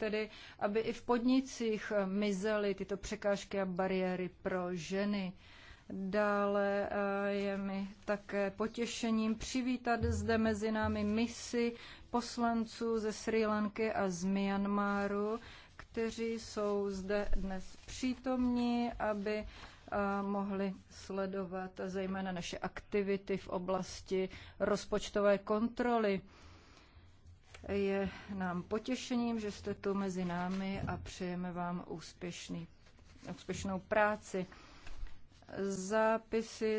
tedy aby i v podnicích eh, mizely tyto překážky a bariéry pro ženy. Dále eh, je mi také potěšením přivítat zde mezi námi misi poslanců ze Sri Lanky a z Myanmaru, kteří jsou zde dnes přítomní, aby eh, mohli sledovat zejména naše aktivity v oblasti rozpočtové kontroly. Je nám potěšením, že jste tu mezi námi a přejeme vám úspěšný, úspěšnou práci. Zápisy